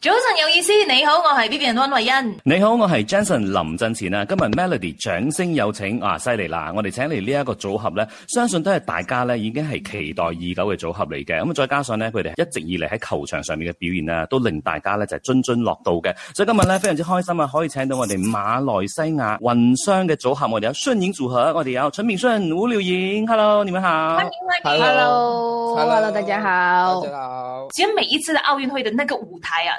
早晨有意思，你好，我係 B B n 溫慧欣。你好，我是 Jenson 林振前啊。今日 Melody 掌聲有請，啊，犀利啦！我哋請嚟呢一個組合呢，相信都是大家呢已經是期待已久嘅組合嚟嘅。咁再加上呢，佢哋一直以嚟喺球場上面嘅表現呢，都令大家呢就津津樂道嘅。所以今日呢，非常之開心啊，可以請到我哋馬來西亞雲商嘅組合，我哋有順瑩組合，我哋有陳炳順、吳柳瑩。Hello，你們好，歡迎歡迎，Hello，Hello，大家好，大家好。其實每一次的奧運會的那個舞台啊。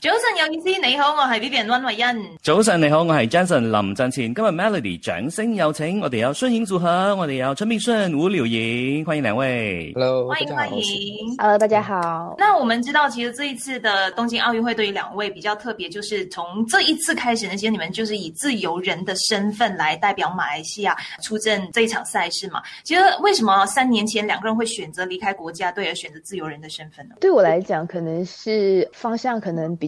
早晨有意，你好，我是係 Vivian 溫慧欣。早晨你好，我是 Jason 林振前。今日 Melody 掌聲有請，我哋有孫穎組合，我哋有陳明順、吳柳瑩，歡迎兩位。Hello，歡迎歡迎。Hello，大家好。那我們知道，其實這一次的東京奧運會對於兩位比較特別，就是從這一次開始呢，其實你們就是以自由人的身份來代表馬來西亞出征這場賽事嘛。其實為什麼三年前兩個人會選擇離開國家隊而選擇自由人的身份呢？對我來講，可能是方向可能比。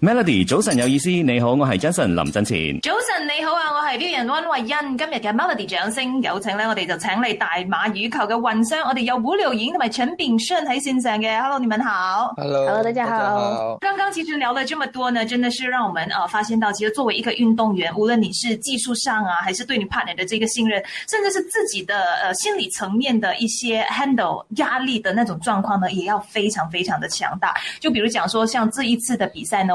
Melody，早晨有意思，你好，我係 Jason 林振前。早晨你好啊，我係 Vivian 温慧欣。今日嘅 Melody 掌聲有請咧，我哋就請嚟大馬羽球嘅運將，我哋有吳柳瑩同埋陳炳順喺線上嘅。Hello，你們好。Hello，Hello，Hello, 大家好。剛剛其實聊咗這麼多呢，真的是讓我們啊發現到，其實作為一個運動員，無論你是技術上啊，還是對你 partner 的這個信任，甚至是自己的誒心理層面的一些 handle 壓力的那種狀況呢，也要非常非常的強大。就比如講說，像這一次的比賽呢，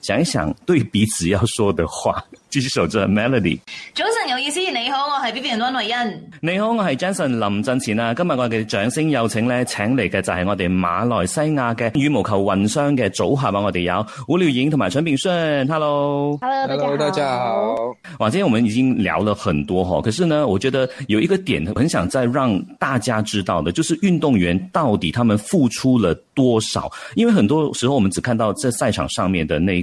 想一想對彼此要說的話，繼續守着 melody。早晨有意思，你好，我係 B B N 安麗欣。你好，我係 Jason 林振前啊，今日我哋掌聲有請咧，請嚟嘅就係我哋馬來西亞嘅羽毛球混雙嘅組合啊！我哋有吳柳瑩同埋陳炳順。Hello，Hello，大家好。哇，今天我們已經聊了很多哈，可是呢，我覺得有一個點很想再讓大家知道嘅就是運動員到底他們付出了多少？因為很多時候我們只看到這賽場上面的那。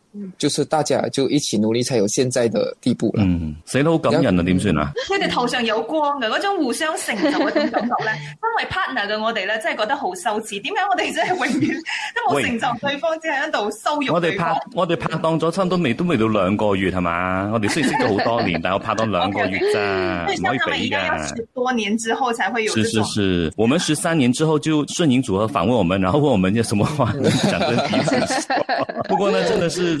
就是大家就一起努力，才有現在的地步啦。嗯，死得好感人啊，點算啊？我哋、嗯、頭上有光啊，嗰種互相成就嗰種感覺咧， 身為 partner 嘅我哋咧，真係覺得好羞恥。點解我哋真係永遠都冇成就對方，喂只係喺度羞辱我哋拍我哋拍檔咗差唔多未，都未到兩個月係嘛？我哋雖然識咗好多年， 但我拍檔兩個月啫，唔、okay，okay 可以比噶。要多年之後才會有這種。是是是，我們十三年之後就順應組合訪問我們，然後問我們有什麼話想跟 不過呢，真的是。